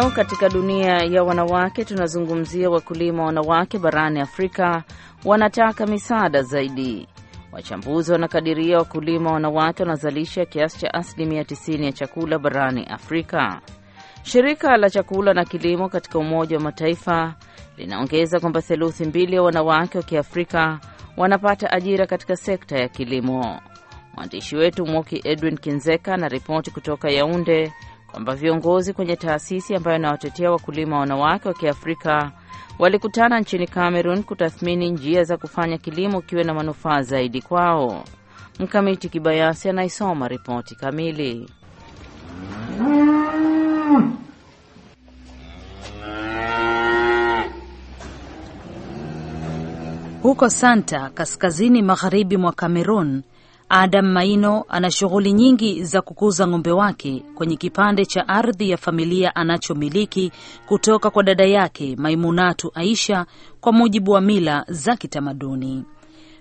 Leo katika dunia ya wanawake tunazungumzia wakulima wanawake barani Afrika wanataka misaada zaidi. Wachambuzi wanakadiria wakulima wanawake wanazalisha kiasi cha asilimia 90 ya chakula barani Afrika. Shirika la chakula na kilimo katika Umoja wa Mataifa linaongeza kwamba theluthi mbili ya wanawake wa Kiafrika wanapata ajira katika sekta ya kilimo. Mwandishi wetu Moki Edwin Kinzeka na ripoti kutoka Yaunde kwamba viongozi kwenye taasisi ambayo inawatetea wakulima wanawake wa Kiafrika walikutana nchini Cameroon kutathmini njia za kufanya kilimo kiwe na manufaa zaidi kwao. Mkamiti Kibayasi anaisoma ripoti kamili. Huko Santa, kaskazini magharibi mwa Cameroon, Adam Maino ana shughuli nyingi za kukuza ng'ombe wake kwenye kipande cha ardhi ya familia anachomiliki kutoka kwa dada yake Maimunatu Aisha kwa mujibu wa mila za kitamaduni.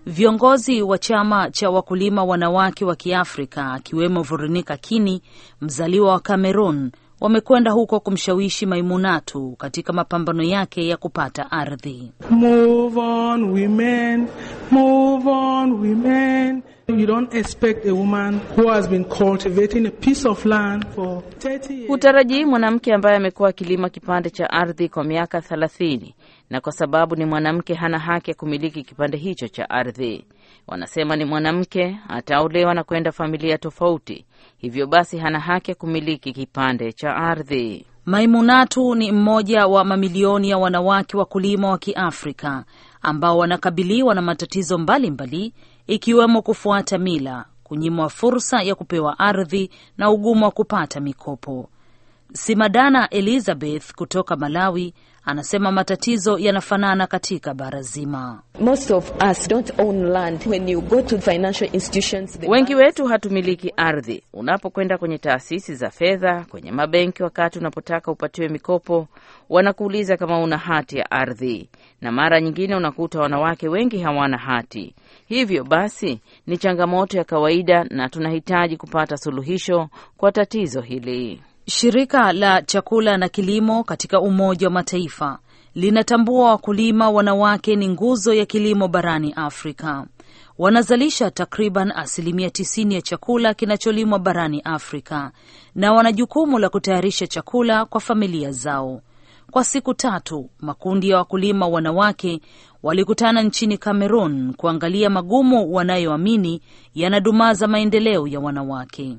Viongozi wa chama cha wakulima wanawake wa Kiafrika akiwemo Veronica Kini, mzaliwa wa Cameroon, wamekwenda huko kumshawishi Maimunatu katika mapambano yake ya kupata ardhi. Utarajii mwanamke ambaye amekuwa akilima kipande cha ardhi kwa miaka 30 na kwa sababu ni mwanamke hana haki ya kumiliki kipande hicho cha ardhi. Wanasema ni mwanamke, ataolewa na kwenda familia tofauti, hivyo basi hana haki ya kumiliki kipande cha ardhi. Maimunatu ni mmoja wa mamilioni ya wanawake wakulima wa Kiafrika ambao wanakabiliwa na matatizo mbalimbali ikiwemo kufuata mila, kunyimwa fursa ya kupewa ardhi na ugumu wa kupata mikopo. Simadana Elizabeth kutoka Malawi anasema matatizo yanafanana katika bara zima. Wengi wetu hatumiliki ardhi. Unapokwenda kwenye taasisi za fedha, kwenye mabenki, wakati unapotaka upatiwe mikopo, wanakuuliza kama una hati ya ardhi, na mara nyingine unakuta wanawake wengi hawana hati. Hivyo basi ni changamoto ya kawaida, na tunahitaji kupata suluhisho kwa tatizo hili. Shirika la chakula na kilimo katika Umoja wa Mataifa linatambua wakulima wanawake ni nguzo ya kilimo barani Afrika. Wanazalisha takriban asilimia 90 ya chakula kinacholimwa barani Afrika na wana jukumu la kutayarisha chakula kwa familia zao. Kwa siku tatu makundi ya wakulima wanawake walikutana nchini Cameroon kuangalia magumu wanayoamini yanadumaza maendeleo ya wanawake.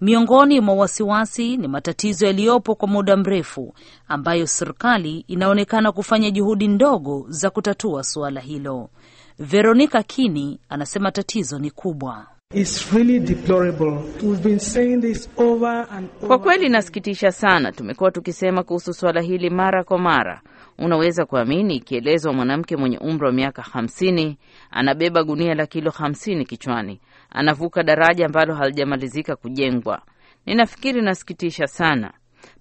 Miongoni mwa wasiwasi ni matatizo yaliyopo kwa muda mrefu ambayo serikali inaonekana kufanya juhudi ndogo za kutatua suala hilo. Veronica Kini anasema tatizo ni kubwa. Really over and over. Kwa kweli inasikitisha sana, tumekuwa tukisema kuhusu suala hili mara kwa mara. Unaweza kuamini ikielezwa mwanamke mwenye umri wa miaka 50 anabeba gunia la kilo 50 kichwani anavuka daraja ambalo halijamalizika kujengwa. Ninafikiri nasikitisha sana.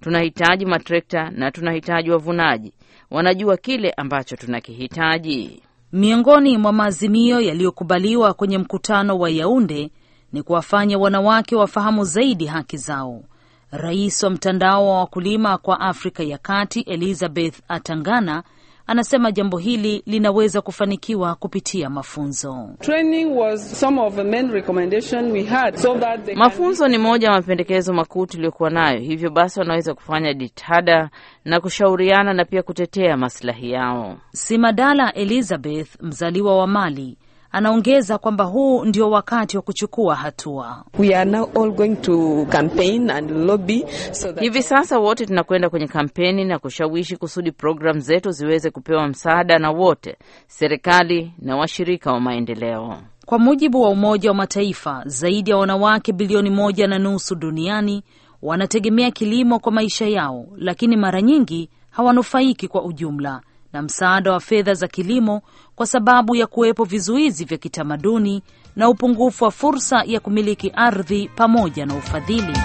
Tunahitaji matrekta na tunahitaji wavunaji, wanajua kile ambacho tunakihitaji. Miongoni mwa maazimio yaliyokubaliwa kwenye mkutano wa Yaunde ni kuwafanya wanawake wafahamu zaidi haki zao. Rais wa mtandao wa wakulima kwa Afrika ya Kati Elizabeth Atangana anasema jambo hili linaweza kufanikiwa kupitia mafunzo. So they... mafunzo ni moja ya mapendekezo makuu tuliyokuwa nayo, hivyo basi wanaweza kufanya jitihada na kushauriana na pia kutetea maslahi yao. Simadala Elizabeth, mzaliwa wa Mali, Anaongeza kwamba huu ndio wakati wa kuchukua hatua. So that... hivi sasa wote tunakwenda kwenye kampeni na kushawishi kusudi programu zetu ziweze kupewa msaada na wote, serikali na washirika wa maendeleo. Kwa mujibu wa Umoja wa Mataifa, zaidi ya wanawake bilioni moja na nusu duniani wanategemea kilimo kwa maisha yao, lakini mara nyingi hawanufaiki kwa ujumla na msaada wa fedha za kilimo kwa sababu ya kuwepo vizuizi vya kitamaduni na upungufu wa fursa ya kumiliki ardhi pamoja na ufadhili.